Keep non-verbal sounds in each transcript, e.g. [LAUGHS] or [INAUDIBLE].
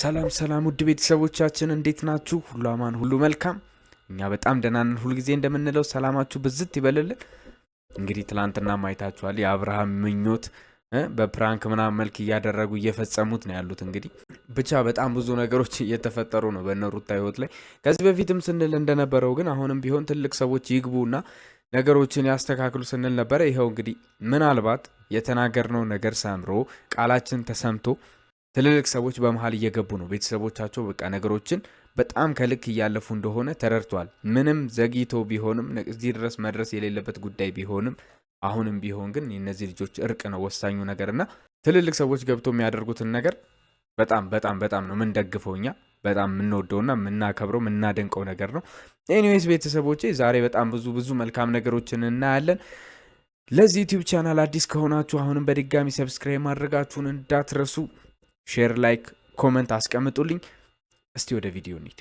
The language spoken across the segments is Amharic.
ሰላም ሰላም ውድ ቤተሰቦቻችን እንዴት ናችሁ? ሁሉ አማን፣ ሁሉ መልካም። እኛ በጣም ደህና ነን። ሁልጊዜ እንደምንለው ሰላማችሁ ብዝት ይበልልን። እንግዲህ ትላንትና ማየታችኋል። የአብርሃም ምኞት በፕራንክ ምናምን መልክ እያደረጉ እየፈጸሙት ነው ያሉት። እንግዲህ ብቻ በጣም ብዙ ነገሮች [LAUGHS] እየተፈጠሩ ነው በነሩታ ህይወት ላይ ከዚህ በፊትም ስንል እንደነበረው ግን አሁንም ቢሆን ትልቅ ሰዎች ይግቡና ነገሮችን ያስተካክሉ ስንል ነበረ። ይኸው እንግዲህ ምናልባት የተናገርነው ነገር ሰምሮ ቃላችን ተሰምቶ ትልልቅ ሰዎች በመሀል እየገቡ ነው። ቤተሰቦቻቸው በቃ ነገሮችን በጣም ከልክ እያለፉ እንደሆነ ተረድቷል። ምንም ዘግይቶ ቢሆንም እዚህ ድረስ መድረስ የሌለበት ጉዳይ ቢሆንም አሁንም ቢሆን ግን የእነዚህ ልጆች እርቅ ነው ወሳኙ ነገር እና ትልልቅ ሰዎች ገብቶ የሚያደርጉትን ነገር በጣም በጣም በጣም ነው የምንደግፈው እኛ በጣም የምንወደውና የምናከብረው የምናደንቀው ነገር ነው። ኤኒዌይስ ቤተሰቦቼ ዛሬ በጣም ብዙ ብዙ መልካም ነገሮችን እናያለን። ለዚህ ዩቲዩብ ቻናል አዲስ ከሆናችሁ አሁንም በድጋሚ ሰብስክራይብ ማድረጋችሁን እንዳትረሱ። ሼር፣ ላይክ፣ ኮመንት አስቀምጡልኝ። እስቲ ወደ ቪዲዮ እንሂድ።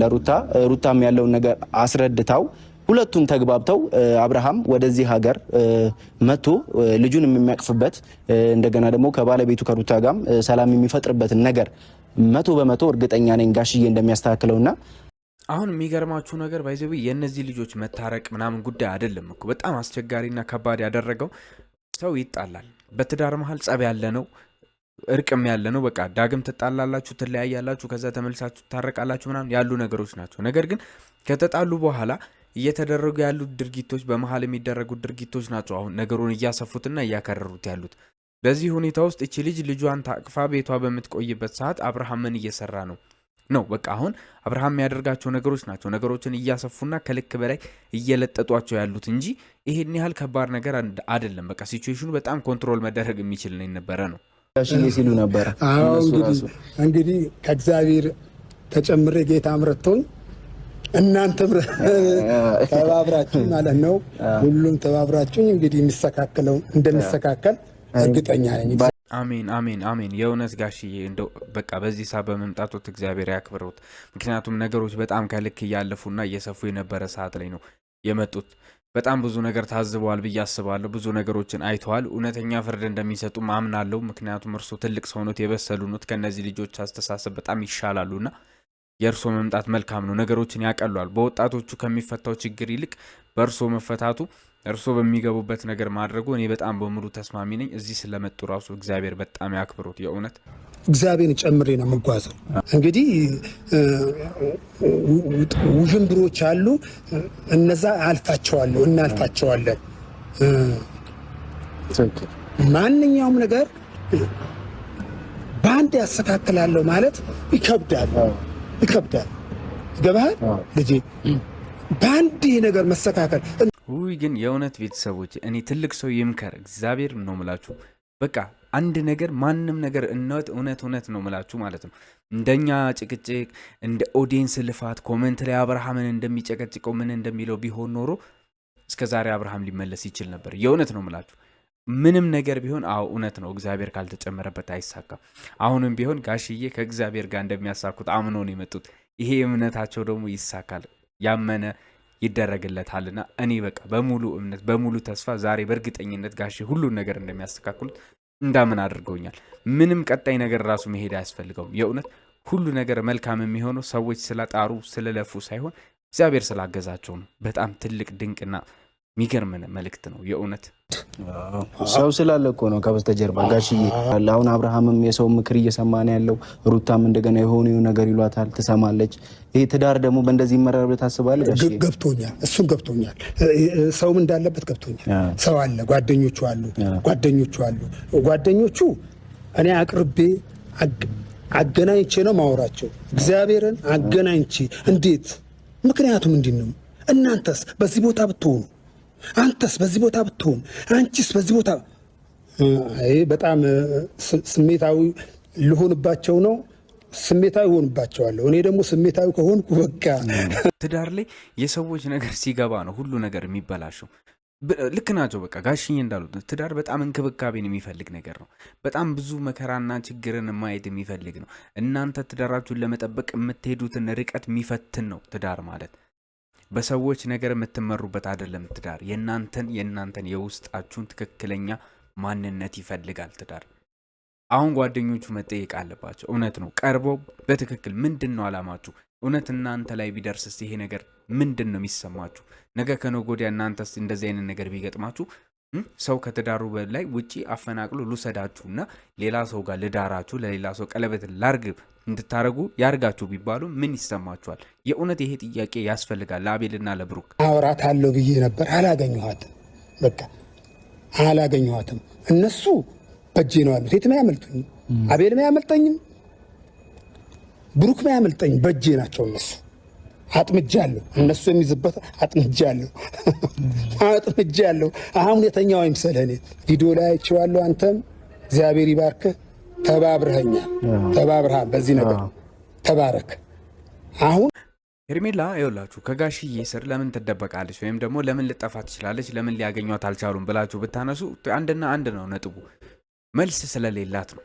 ለሩታ ሩታም ያለውን ነገር አስረድታው ሁለቱም ተግባብተው አብርሃም ወደዚህ ሀገር መጥቶ ልጁን የሚያቅፍበት እንደገና ደግሞ ከባለቤቱ ከሩታ ጋም ሰላም የሚፈጥርበትን ነገር መቶ በመቶ እርግጠኛ ነኝ ጋሽዬ እንደሚያስተካክለውና አሁን የሚገርማችሁ ነገር ባይዘዊ የእነዚህ ልጆች መታረቅ ምናምን ጉዳይ አይደለም እኮ በጣም አስቸጋሪና ከባድ ያደረገው ሰው ይጣላል፣ በትዳር መሀል ጸብ ያለ ነው እርቅም ያለ ነው። በቃ ዳግም ትጣላላችሁ፣ ትለያያላችሁ፣ ከዛ ተመልሳችሁ ትታረቃላችሁ ምናምን ያሉ ነገሮች ናቸው። ነገር ግን ከተጣሉ በኋላ እየተደረጉ ያሉት ድርጊቶች፣ በመሀል የሚደረጉ ድርጊቶች ናቸው አሁን ነገሩን እያሰፉትና እያከረሩት ያሉት። በዚህ ሁኔታ ውስጥ እቺ ልጅ ልጇን ታቅፋ ቤቷ በምትቆይበት ሰዓት አብርሃም ምን እየሰራ ነው ነው በቃ አሁን አብርሃም የሚያደርጋቸው ነገሮች ናቸው። ነገሮችን እያሰፉና ከልክ በላይ እየለጠጧቸው ያሉት እንጂ ይሄን ያህል ከባድ ነገር አይደለም። በቃ ሲቹዌሽኑ በጣም ኮንትሮል መደረግ የሚችል የነበረ ነው። ሽዬ ሲሉ ነበረ። እንግዲህ ከእግዚአብሔር ተጨምሬ ጌታ ምረቶኝ እናንተም [LAUGHS] ተባብራችሁ ማለት ነው። ሁሉም ተባብራችሁ እንግዲህ የሚስተካከለው እንደሚስተካከል እርግጠኛ ነኝ። አሜን፣ አሜን፣ አሜን። የእውነት ጋሽዬ እንደው በቃ በዚህ ሰዓት በመምጣቶት እግዚአብሔር ያክብረውት። ምክንያቱም ነገሮች በጣም ከልክ እያለፉና እየሰፉ የነበረ ሰዓት ላይ ነው የመጡት። በጣም ብዙ ነገር ታዝበዋል ብዬ አስባለሁ። ብዙ ነገሮችን አይተዋል። እውነተኛ ፍርድ እንደሚሰጡ ማምናለው። ምክንያቱም እርሶ ትልቅ ሰውነት የበሰሉ ኖት፣ ከእነዚህ ልጆች አስተሳሰብ በጣም ይሻላሉና የእርሶ መምጣት መልካም ነው። ነገሮችን ያቀሏል። በወጣቶቹ ከሚፈታው ችግር ይልቅ በእርሶ መፈታቱ እርስዎ በሚገቡበት ነገር ማድረጉ እኔ በጣም በሙሉ ተስማሚ ነኝ። እዚህ ስለመጡ ራሱ እግዚአብሔር በጣም ያክብሮት። የእውነት እግዚአብሔር ጨምሬ ነው የምጓዘው። እንግዲህ ውዥንብሮች አሉ፣ እነዛ አልፋቸዋለሁ፣ እናልፋቸዋለን። ማንኛውም ነገር በአንድ ያስተካክላለሁ ማለት ይከብዳል፣ ይከብዳል። ገባህ ልጄ? በአንድ ነገር መስተካከል ውይ ግን የእውነት ቤተሰቦች እኔ ትልቅ ሰው ይምከር እግዚአብሔር ነው ምላችሁ። በቃ አንድ ነገር ማንም ነገር እነት እውነት እውነት ነው ምላችሁ ማለት ነው። እንደኛ ጭቅጭቅ፣ እንደ ኦዲየንስ ልፋት ኮመንት ላይ አብርሃምን እንደሚጨቀጭቀው ምን እንደሚለው ቢሆን ኖሮ እስከ ዛሬ አብርሃም ሊመለስ ይችል ነበር። የእውነት ነው ምላችሁ። ምንም ነገር ቢሆን አዎ እውነት ነው። እግዚአብሔር ካልተጨመረበት አይሳካም። አሁንም ቢሆን ጋሽዬ ከእግዚአብሔር ጋር እንደሚያሳኩት አምኖ ነው የመጡት። ይሄ እምነታቸው ደግሞ ይሳካል ያመነ ይደረግለታልና እኔ በቃ በሙሉ እምነት በሙሉ ተስፋ ዛሬ በእርግጠኝነት ጋሼ ሁሉን ነገር እንደሚያስተካክሉት እንዳምን አድርገውኛል። ምንም ቀጣይ ነገር ራሱ መሄድ አያስፈልገውም። የእውነት ሁሉ ነገር መልካም የሚሆነው ሰዎች ስለጣሩ ስለለፉ ሳይሆን እግዚአብሔር ስላገዛቸው ነው። በጣም ትልቅ ድንቅና የሚገርም መልእክት ነው የእውነት። ሰው ስላለ እኮ ነው ከበስተጀርባ ጋሽዬ አለ። አሁን አብርሃምም የሰው ምክር እየሰማ ነው ያለው። ሩታም እንደገና የሆነ ነገር ይሏታል፣ ትሰማለች። ይህ ትዳር ደግሞ በእንደዚህ ይመራል ብለህ ታስባለህ? ገብቶኛል፣ እሱን ገብቶኛል። ሰውም እንዳለበት ገብቶኛል። ሰው አለ፣ ጓደኞቹ አሉ፣ ጓደኞቹ አሉ። ጓደኞቹ እኔ አቅርቤ አገናኝቼ ነው ማወራቸው፣ እግዚአብሔርን አገናኝቼ። እንዴት? ምክንያቱም እንዲህ ነው። እናንተስ በዚህ ቦታ ብትሆኑ አንተስ በዚህ ቦታ ብትሆን፣ አንቺስ በዚህ ቦታ በጣም ስሜታዊ ልሆንባቸው ነው ስሜታዊ ሆንባቸዋለሁ። እኔ ደግሞ ስሜታዊ ከሆንኩ በቃ ትዳር ላይ የሰዎች ነገር ሲገባ ነው ሁሉ ነገር የሚበላሸው። ልክ ናቸው። በቃ ጋሽኝ እንዳሉት ትዳር በጣም እንክብካቤን የሚፈልግ ነገር ነው። በጣም ብዙ መከራና ችግርን ማየት የሚፈልግ ነው። እናንተ ትዳራችሁን ለመጠበቅ የምትሄዱትን ርቀት የሚፈትን ነው ትዳር ማለት በሰዎች ነገር የምትመሩበት አይደለም። ትዳር የእናንተን የእናንተን የውስጣችሁን ትክክለኛ ማንነት ይፈልጋል ትዳር። አሁን ጓደኞቹ መጠየቅ አለባቸው። እውነት ነው። ቀርበው በትክክል ምንድን ነው አላማችሁ? እውነት እናንተ ላይ ቢደርስስ ይሄ ነገር ምንድን ነው የሚሰማችሁ? ነገ ከነገ ወዲያ እናንተስ እንደዚህ አይነት ነገር ቢገጥማችሁ ሰው ከትዳሩ በላይ ውጪ አፈናቅሎ ልውሰዳችሁ እና ሌላ ሰው ጋር ልዳራችሁ ለሌላ ሰው ቀለበት ላርግ እንድታደረጉ ያርጋችሁ ቢባሉ ምን ይሰማችኋል? የእውነት ይሄ ጥያቄ ያስፈልጋል። ለአቤልና ለብሩክ አውራት አለው ብዬ ነበር፣ አላገኘኋትም። በቃ አላገኘኋትም። እነሱ በጄ ነው ያሉት። የትም አያመልጡኝም። አቤልም አያመልጠኝም፣ ብሩክም አያመልጠኝም። በጄ ናቸው እነሱ። አጥምጃለሁ። እነሱ የሚዝበት አጥምጃለሁ፣ [LAUGHS] አጥምጃለሁ። አሁን ሁኔተኛው አይምሰልህ። እኔ ቪዲዮ ላይ አይቼዋለሁ። አንተም እግዚአብሔር ይባርክህ። ተባብረኸኛል፣ ተባብረሃ በዚህ ነገር ተባረክ። አሁን ሄርሜላ ይኸውላችሁ ከጋሽዬ ስር ለምን ትደበቃለች ወይም ደግሞ ለምን ልጠፋ ትችላለች፣ ለምን ሊያገኟት አልቻሉም ብላችሁ ብታነሱ አንድና አንድ ነው ነጥቡ፣ መልስ ስለሌላት ነው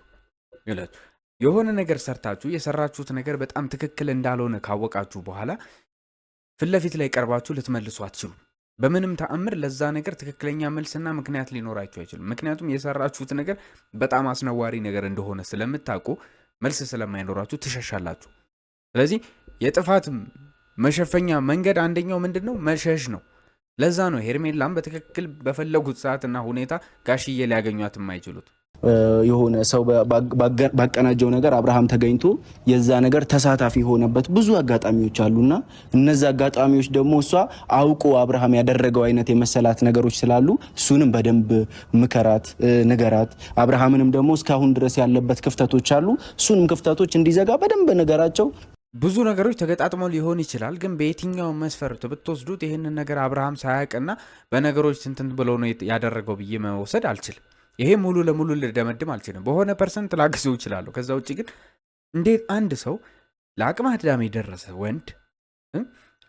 ይላችሁ የሆነ ነገር ሰርታችሁ የሰራችሁት ነገር በጣም ትክክል እንዳልሆነ ካወቃችሁ በኋላ ፊት ለፊት ላይ ቀርባችሁ ልትመልሱ አትችሉ። በምንም ተአምር ለዛ ነገር ትክክለኛ መልስና ምክንያት ሊኖራችሁ አይችልም። ምክንያቱም የሰራችሁት ነገር በጣም አስነዋሪ ነገር እንደሆነ ስለምታውቁ መልስ ስለማይኖራችሁ ትሸሻላችሁ። ስለዚህ የጥፋት መሸፈኛ መንገድ አንደኛው ምንድን ነው? መሸሽ ነው። ለዛ ነው ሄርሜላም በትክክል በፈለጉት ሰዓትና ሁኔታ ጋሽዬ ሊያገኟት የማይችሉት። የሆነ ሰው ባቀናጀው ነገር አብርሃም ተገኝቶ የዛ ነገር ተሳታፊ የሆነበት ብዙ አጋጣሚዎች አሉና እነዚ አጋጣሚዎች ደግሞ እሷ አውቆ አብርሃም ያደረገው አይነት የመሰላት ነገሮች ስላሉ እሱንም በደንብ ምከራት፣ ንገራት። አብርሃምንም ደግሞ እስካሁን ድረስ ያለበት ክፍተቶች አሉ። እሱንም ክፍተቶች እንዲዘጋ በደንብ ነገራቸው። ብዙ ነገሮች ተገጣጥሞ ሊሆን ይችላል፣ ግን በየትኛው መስፈርት ብትወስዱት ይህንን ነገር አብርሃም ሳያውቅና በነገሮች ትንትን ብሎ ነው ያደረገው ብዬ መውሰድ አልችልም። ይሄ ሙሉ ለሙሉ ልደመድም አልችልም። በሆነ ፐርሰንት ላግዘው ይችላሉ። ከዛ ውጭ ግን እንዴት አንድ ሰው ለአቅመ አዳም የደረሰ ወንድ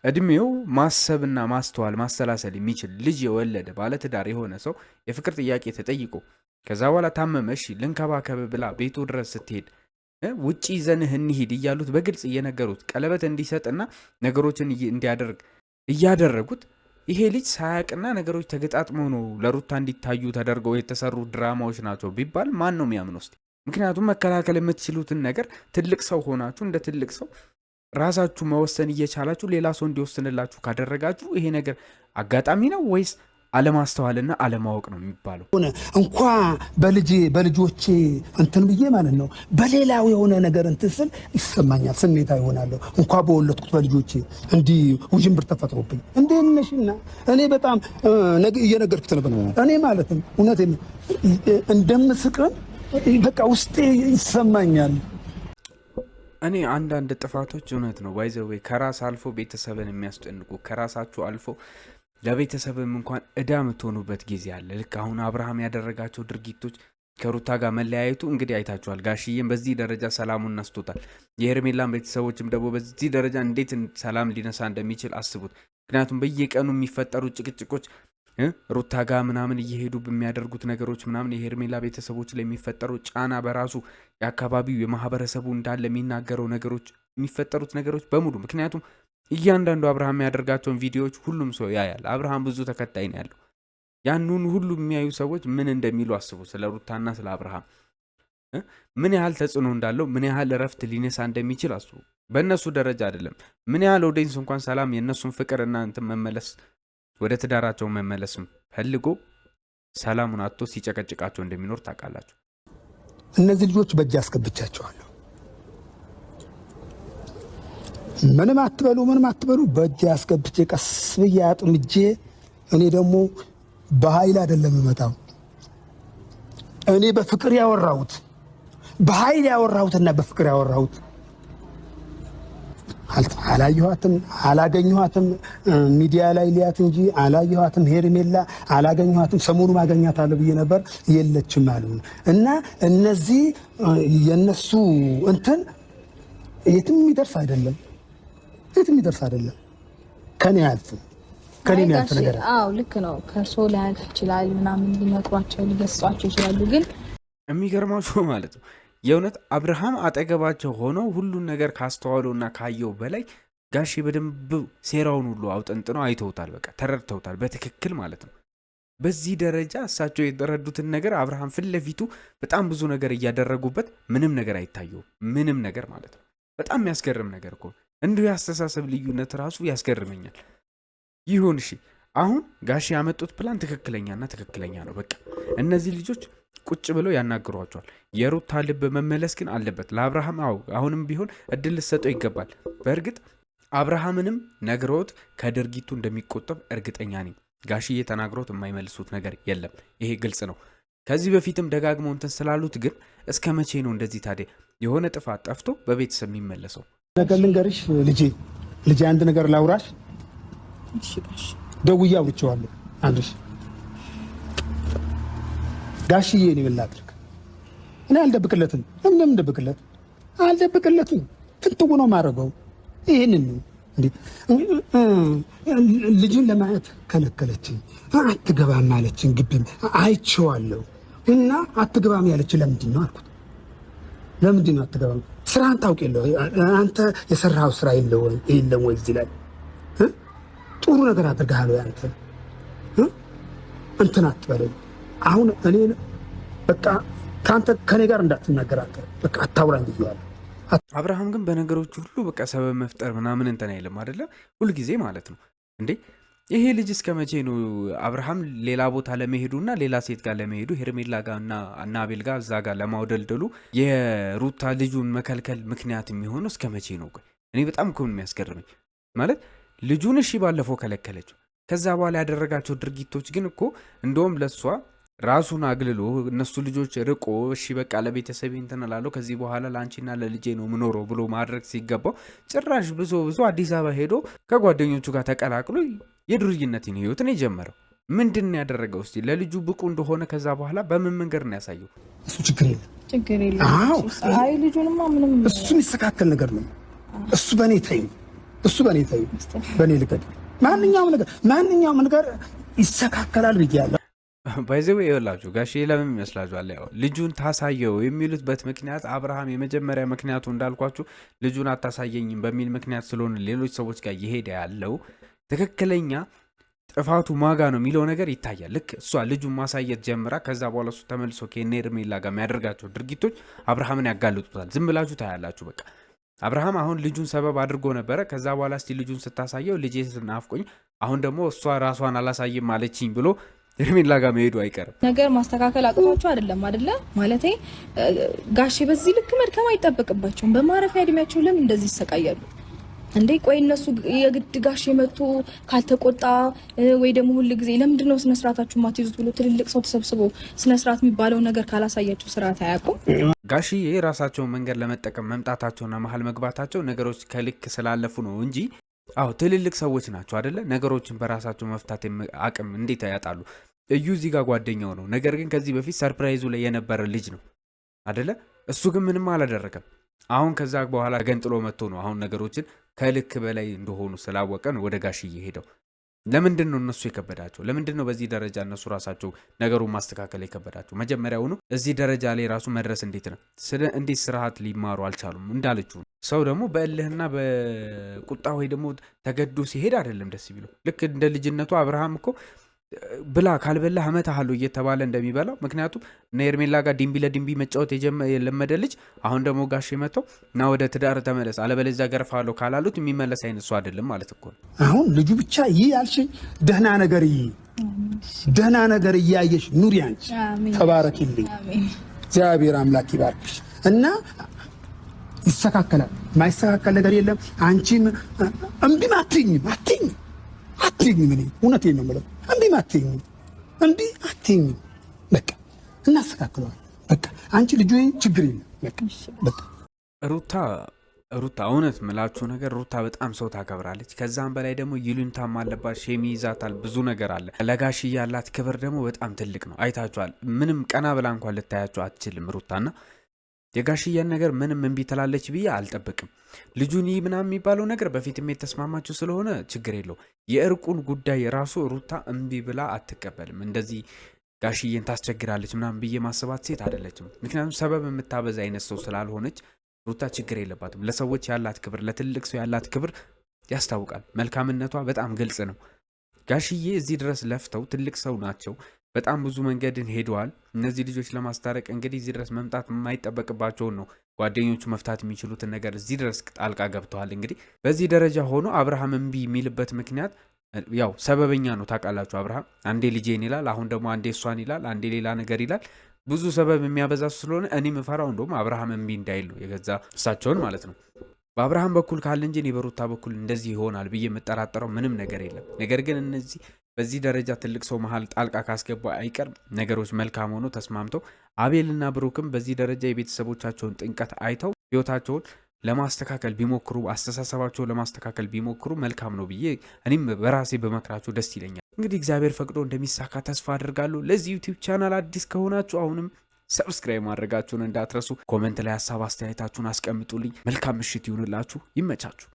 እድሜው ማሰብና ማስተዋል ማሰላሰል የሚችል ልጅ የወለደ ባለትዳር የሆነ ሰው የፍቅር ጥያቄ ተጠይቆ ከዛ በኋላ ታመመሽ ልንከባከብ ብላ ቤቱ ድረስ ስትሄድ ውጪ ይዘንህ እንሂድ እያሉት በግልጽ እየነገሩት ቀለበት እንዲሰጥና ነገሮችን እንዲያደርግ እያደረጉት ይሄ ልጅ ሳያቅና ነገሮች ተገጣጥሞ ነው ለሩታ እንዲታዩ ተደርገው የተሰሩ ድራማዎች ናቸው ቢባል ማን ነው የሚያምን ውስጥ? ምክንያቱም መከላከል የምትችሉትን ነገር ትልቅ ሰው ሆናችሁ እንደ ትልቅ ሰው ራሳችሁ መወሰን እየቻላችሁ ሌላ ሰው እንዲወስንላችሁ ካደረጋችሁ ይሄ ነገር አጋጣሚ ነው ወይስ አለማስተዋልና አለማወቅ ነው የሚባለው። እንኳ በልጄ በልጆቼ እንትን ብዬ ማለት ነው በሌላው የሆነ ነገር እንትን ስል ይሰማኛል፣ ስሜታ ይሆናለሁ። እንኳ በወለድኩት በልጆቼ እንዲህ ውዥንብር ተፈጥሮብኝ እንዴት ነሽና እኔ በጣም እየነገርኩት ነበር። እኔ ማለት እውነት እንደምስቅም በቃ ውስጤ ይሰማኛል። እኔ አንዳንድ ጥፋቶች እውነት ነው ባይዘዌ ከራስ አልፎ ቤተሰብን የሚያስጨንቁ ከራሳችሁ አልፎ ለቤተሰብም እንኳን እዳ የምትሆኑበት ጊዜ አለ። ልክ አሁን አብርሃም ያደረጋቸው ድርጊቶች ከሩታ ጋር መለያየቱ እንግዲህ አይታችኋል። ጋሽዬም በዚህ ደረጃ ሰላሙን ነስቶታል። የሄርሜላን ቤተሰቦችም ደግሞ በዚህ ደረጃ እንዴት ሰላም ሊነሳ እንደሚችል አስቡት። ምክንያቱም በየቀኑ የሚፈጠሩ ጭቅጭቆች ሩታ ጋ ምናምን እየሄዱ በሚያደርጉት ነገሮች ምናምን የሄርሜላ ቤተሰቦች ላይ የሚፈጠረው ጫና በራሱ የአካባቢው የማህበረሰቡ እንዳለ የሚናገረው ነገሮች የሚፈጠሩት ነገሮች በሙሉ ምክንያቱም እያንዳንዱ አብርሃም የሚያደርጋቸውን ቪዲዮዎች ሁሉም ሰው ያያል። አብርሃም ብዙ ተከታይ ነው ያለው። ያንን ሁሉ የሚያዩ ሰዎች ምን እንደሚሉ አስቡ። ስለ ሩታና ስለ አብርሃም ምን ያህል ተጽዕኖ እንዳለው፣ ምን ያህል እረፍት ሊነሳ እንደሚችል አስቡ። በእነሱ ደረጃ አይደለም፣ ምን ያህል ኦዲየንስ እንኳን ሰላም የእነሱን እና እንትን መመለስ ወደ ትዳራቸው መመለስም ፈልጎ ሰላሙን አቶ ሲጨቀጭቃቸው እንደሚኖር ታውቃላችሁ። እነዚህ ልጆች በእጅ አስገብቻቸዋለሁ ምንም አትበሉ፣ ምንም አትበሉ። በእጅ አስገብቼ ቀስ ብዬ አጥምጄ እኔ ደግሞ በኃይል አይደለም እመጣው እኔ በፍቅር ያወራሁት በኃይል ያወራሁትና በፍቅር ያወራሁት አላየኋትም፣ አላገኘኋትም። ሚዲያ ላይ ሊያት እንጂ አላየኋትም። ሄርሜላ አላገኘኋትም። ማገኛት አለ ብዬ ነበር የለችም አሉ እና እነዚህ የነሱ እንትን የትም የሚደርስ አይደለም። የት የሚደርስ አይደለም። ከኔ ያልፍ ከኔ የሚያልፍ ነገር አዎ፣ ልክ ነው። ከእርሶ ሊያልፍ ይችላል ምናምን ሊመጥሯቸው ሊገስጧቸው ይችላሉ። ግን የሚገርማቸው ማለት ነው የእውነት አብርሃም አጠገባቸው ሆኖ ሁሉን ነገር ካስተዋለው እና ካየው በላይ ጋሺ በደንብ ሴራውን ሁሉ አውጠንጥኖ አይተውታል። በቃ ተረድተውታል በትክክል ማለት ነው። በዚህ ደረጃ እሳቸው የተረዱትን ነገር አብርሃም ፊት ለፊቱ በጣም ብዙ ነገር እያደረጉበት ምንም ነገር አይታየውም። ምንም ነገር ማለት ነው። በጣም የሚያስገርም ነገር እኮ እንዲሁ የአስተሳሰብ ልዩነት ራሱ ያስገርመኛል። ይሁን እሺ፣ አሁን ጋሽ ያመጡት ፕላን ትክክለኛና ትክክለኛ ነው። በቃ እነዚህ ልጆች ቁጭ ብለው ያናግሯቸዋል። የሩታ ልብ መመለስ ግን አለበት ለአብርሃም። አዎ አሁንም ቢሆን እድል ልሰጠው ይገባል። በእርግጥ አብርሃምንም ነግረውት ከድርጊቱ እንደሚቆጠብ እርግጠኛ ነኝ። ጋሽዬ ተናግረውት የማይመልሱት ነገር የለም። ይሄ ግልጽ ነው። ከዚህ በፊትም ደጋግመው እንትን ስላሉት ግን እስከ መቼ ነው እንደዚህ ታዲያ? የሆነ ጥፋት ጠፍቶ በቤተሰብ የሚመለሰው ነገር ልንገርሽ ልጄ ልጄ አንድ ነገር ላውራሽ። ደውዬ አውርቼዋለሁ። አንድሽ ጋሽዬ እኔ ምን ላድርግ? እኔ አልደብቅለትም። ምንም ደብቅለት አልደብቅለትም። ፍንትው ነው ማድረገው። ይህንን ነው ልጁን ለማየት ከለከለችኝ። አትገባም አለችኝ። ግቢም አይቼዋለሁ እና አትገባም ያለችኝ ለምንድን ነው አልኩት። ለምንድን ነው አትገባም ስራ ታውቅ የለ አንተ የሰራው ስራ የለም ወይ? እዚህ ላይ ጥሩ ነገር አድርገሃል ወይ? አንተ እንትን አትበለኝ። አሁን እኔ በቃ ከአንተ ከኔ ጋር እንዳትናገር አንተ በቃ አታውራኝ ብያለሁ። አብርሃም ግን በነገሮች ሁሉ በቃ ሰበብ መፍጠር ምናምን እንትን አይልም አይደለም፣ ሁልጊዜ ማለት ነው እንዴ ይሄ ልጅ እስከ መቼ ነው አብርሃም ሌላ ቦታ ለመሄዱና ሌላ ሴት ጋር ለመሄዱ ሄርሜላ ጋር እና አናቤል ጋር እዛ ጋር ለማውደልደሉ የሩታ ልጁን መከልከል ምክንያት የሚሆነው እስከ መቼ ነው? እኔ በጣም እኮ የሚያስገርመኝ። ማለት ልጁን እሺ ባለፈው ከለከለችው። ከዛ በኋላ ያደረጋቸው ድርጊቶች ግን እኮ እንደውም ለእሷ ራሱን አግልሎ እነሱ ልጆች ርቆ እሺ በቃ ለቤተሰብ እንትን እላለሁ ከዚህ በኋላ ለአንቺና ለልጄ ነው ምኖረው ብሎ ማድረግ ሲገባው ጭራሽ ብዙ ብዙ አዲስ አበባ ሄዶ ከጓደኞቹ ጋር ተቀላቅሎ የዱርይነትን ህይወትን የጀመረው ምንድን ነው ያደረገው? እስቲ ለልጁ ብቁ እንደሆነ ከዛ በኋላ በምን መንገድ ነው ያሳየው? እሱ ችግር የለ ችግር የለም። አይ ልጁንማ ምንም እሱ የሚስተካከል ነገር ነው። እሱ በእኔ ተይው፣ እሱ በእኔ ተይው፣ በእኔ ልቀድ። ማንኛውም ነገር ማንኛውም ነገር ይስተካከላል ብያለሁ። ባይዘዌ ይኸውላችሁ ጋሼ ለምን ይመስላችኋል? ያው ልጁን ታሳየው የሚሉትበት ምክንያት አብርሃም የመጀመሪያ ምክንያቱ እንዳልኳችሁ ልጁን አታሳየኝም በሚል ምክንያት ስለሆነ ሌሎች ሰዎች ጋር እየሄደ ያለው ትክክለኛ ጥፋቱ ማጋ ነው የሚለው ነገር ይታያል። ልክ እሷ ልጁን ማሳየት ጀምራ ከዛ በኋላ እሱ ተመልሶ ከሄርሜላ ጋር የሚያደርጋቸው ድርጊቶች አብርሃምን ያጋልጡታል። ዝም ብላችሁ ታያላችሁ። በቃ አብርሃም አሁን ልጁን ሰበብ አድርጎ ነበረ። ከዛ በኋላ እስቲ ልጁን ስታሳየው ልጄ አፍቆኝ አሁን ደግሞ እሷ ራሷን አላሳይም አለችኝ ብሎ ሄርሜላ ጋር መሄዱ አይቀርም። ነገር ማስተካከል አቅቷቸው አይደለም አደለ? ማለቴ ጋሼ በዚህ ልክ መድከም አይጠበቅባቸውም። በማረፊያ እድሜያቸው ለምን እንደዚህ ይሰቃያሉ? እንዴ ቆይ እነሱ የግድ ጋሽ የመጡ ካልተቆጣ ወይ ደግሞ ሁል ጊዜ ለምንድን ነው ስነ ስርዓታችሁ ማትይዙት ብሎ ትልልቅ ሰው ተሰብስቦ ስነ ስርዓት የሚባለው ነገር ካላሳያችሁ ስርዓት አያውቁም። ጋሽዬ የራሳቸውን መንገድ ለመጠቀም መምጣታቸውና መሀል መግባታቸው ነገሮች ከልክ ስላለፉ ነው እንጂ አዎ ትልልቅ ሰዎች ናቸው አደለ? ነገሮችን በራሳቸው መፍታት አቅም እንዴት ያጣሉ? እዩ እዚህ ጋር ጓደኛው ነው። ነገር ግን ከዚህ በፊት ሰርፕራይዙ ላይ የነበረ ልጅ ነው አደለ? እሱ ግን ምንም አላደረገም። አሁን ከዛ በኋላ ገንጥሎ መጥቶ ነው አሁን ነገሮችን ከልክ በላይ እንደሆኑ ስላወቀን ወደ ጋሽ እየሄደው። ለምንድን ነው እነሱ የከበዳቸው? ለምንድን ነው በዚህ ደረጃ እነሱ ራሳቸው ነገሩን ማስተካከል የከበዳቸው? መጀመሪያውኑ እዚህ ደረጃ ላይ ራሱ መድረስ እንዴት ነው ስለ እንዴት ስርዓት ሊማሩ አልቻሉም? እንዳለችው ሰው ደግሞ በእልህና በቁጣ ወይ ደግሞ ተገዶ ሲሄድ አይደለም ደስ ቢለው። ልክ እንደ ልጅነቱ አብርሃም እኮ ብላ ካልበላህ አመትሃሉ እየተባለ እንደሚበላው ምክንያቱም እነ ኤርሜላ ጋር ድንቢ ለድንቢ መጫወት የለመደ ልጅ አሁን ደግሞ ጋሽ መጥተው እና ወደ ትዳር ተመለስ አለበለዚያ ገርፋለሁ ካላሉት የሚመለስ አይነት እሱ አይደለም ማለት እኮ አሁን ልጁ ብቻ ይህ ያልሽኝ ደህና ነገር ደህና ነገር እያየሽ ኑሪ አንቺ ተባረኪልኝ እግዚአብሔር አምላክ ይባርክሽ እና ይስተካከላል ማይስተካከል ነገር የለም አንቺም እምቢም አትይኝም አትይኝም አትይኝም እኔ እውነቴን ነው የምለው እንዲህም አትይኝም፣ እንዲህ አትይኝም። በቃ እናስተካክለዋል። በቃ አንቺ ልጁ ችግር የለም። ሩታ ሩታ እውነት ምላችሁ ነገር ሩታ በጣም ሰው ታከብራለች። ከዛም በላይ ደግሞ ይሉኝታም አለባት፣ ሼሚ ይዛታል፣ ብዙ ነገር አለ። ለጋሽ ያላት ክብር ደግሞ በጣም ትልቅ ነው። አይታችኋል። ምንም ቀና ብላ እንኳን ልታያቸው አትችልም ሩታና የጋሽያን ነገር ምንም እምቢ ትላለች ብዬ አልጠብቅም። ልጁን ይህ ምናምን የሚባለው ነገር በፊትም የተስማማችሁ ስለሆነ ችግር የለው። የእርቁን ጉዳይ ራሱ ሩታ እምቢ ብላ አትቀበልም። እንደዚህ ጋሽዬን ታስቸግራለች ምናምን ብዬ ማሰባት ሴት አይደለችም። ምክንያቱም ሰበብ የምታበዛ አይነት ሰው ስላልሆነች ሩታ ችግር የለባትም። ለሰዎች ያላት ክብር፣ ለትልቅ ሰው ያላት ክብር ያስታውቃል። መልካምነቷ በጣም ግልጽ ነው። ጋሽዬ እዚህ ድረስ ለፍተው ትልቅ ሰው ናቸው። በጣም ብዙ መንገድን ሄደዋል። እነዚህ ልጆች ለማስታረቅ እንግዲህ እዚህ ድረስ መምጣት የማይጠበቅባቸውን ነው። ጓደኞቹ መፍታት የሚችሉትን ነገር እዚህ ድረስ ጣልቃ ገብተዋል። እንግዲህ በዚህ ደረጃ ሆኖ አብርሃም እምቢ የሚልበት ምክንያት ያው ሰበበኛ ነው። ታውቃላችሁ አብርሃም አንዴ ልጄን ይላል፣ አሁን ደግሞ አንዴ እሷን ይላል፣ አንዴ ሌላ ነገር ይላል። ብዙ ሰበብ የሚያበዛ ስለሆነ እኔ ምፈራው እንደውም አብርሃም እምቢ እንዳይል ነው የገዛ እሳቸውን ማለት ነው። በአብርሃም በኩል ካለ እንጂ እኔ በሩታ በኩል እንደዚህ ይሆናል ብዬ የምጠራጠረው ምንም ነገር የለም። ነገር ግን እነዚህ በዚህ ደረጃ ትልቅ ሰው መሀል ጣልቃ ካስገባ አይቀር ነገሮች መልካም ሆኖ ተስማምተው አቤልና ብሩክም በዚህ ደረጃ የቤተሰቦቻቸውን ጥንቀት አይተው ህይወታቸውን ለማስተካከል ቢሞክሩ አስተሳሰባቸውን ለማስተካከል ቢሞክሩ መልካም ነው ብዬ እኔም በራሴ በመክራቸው ደስ ይለኛል። እንግዲህ እግዚአብሔር ፈቅዶ እንደሚሳካ ተስፋ አድርጋለሁ። ለዚህ ዩቲዩብ ቻናል አዲስ ከሆናችሁ አሁንም ሰብስክራይብ ማድረጋችሁን እንዳትረሱ። ኮመንት ላይ ሀሳብ አስተያየታችሁን አስቀምጡልኝ። መልካም ምሽት ይሁንላችሁ። ይመቻችሁ።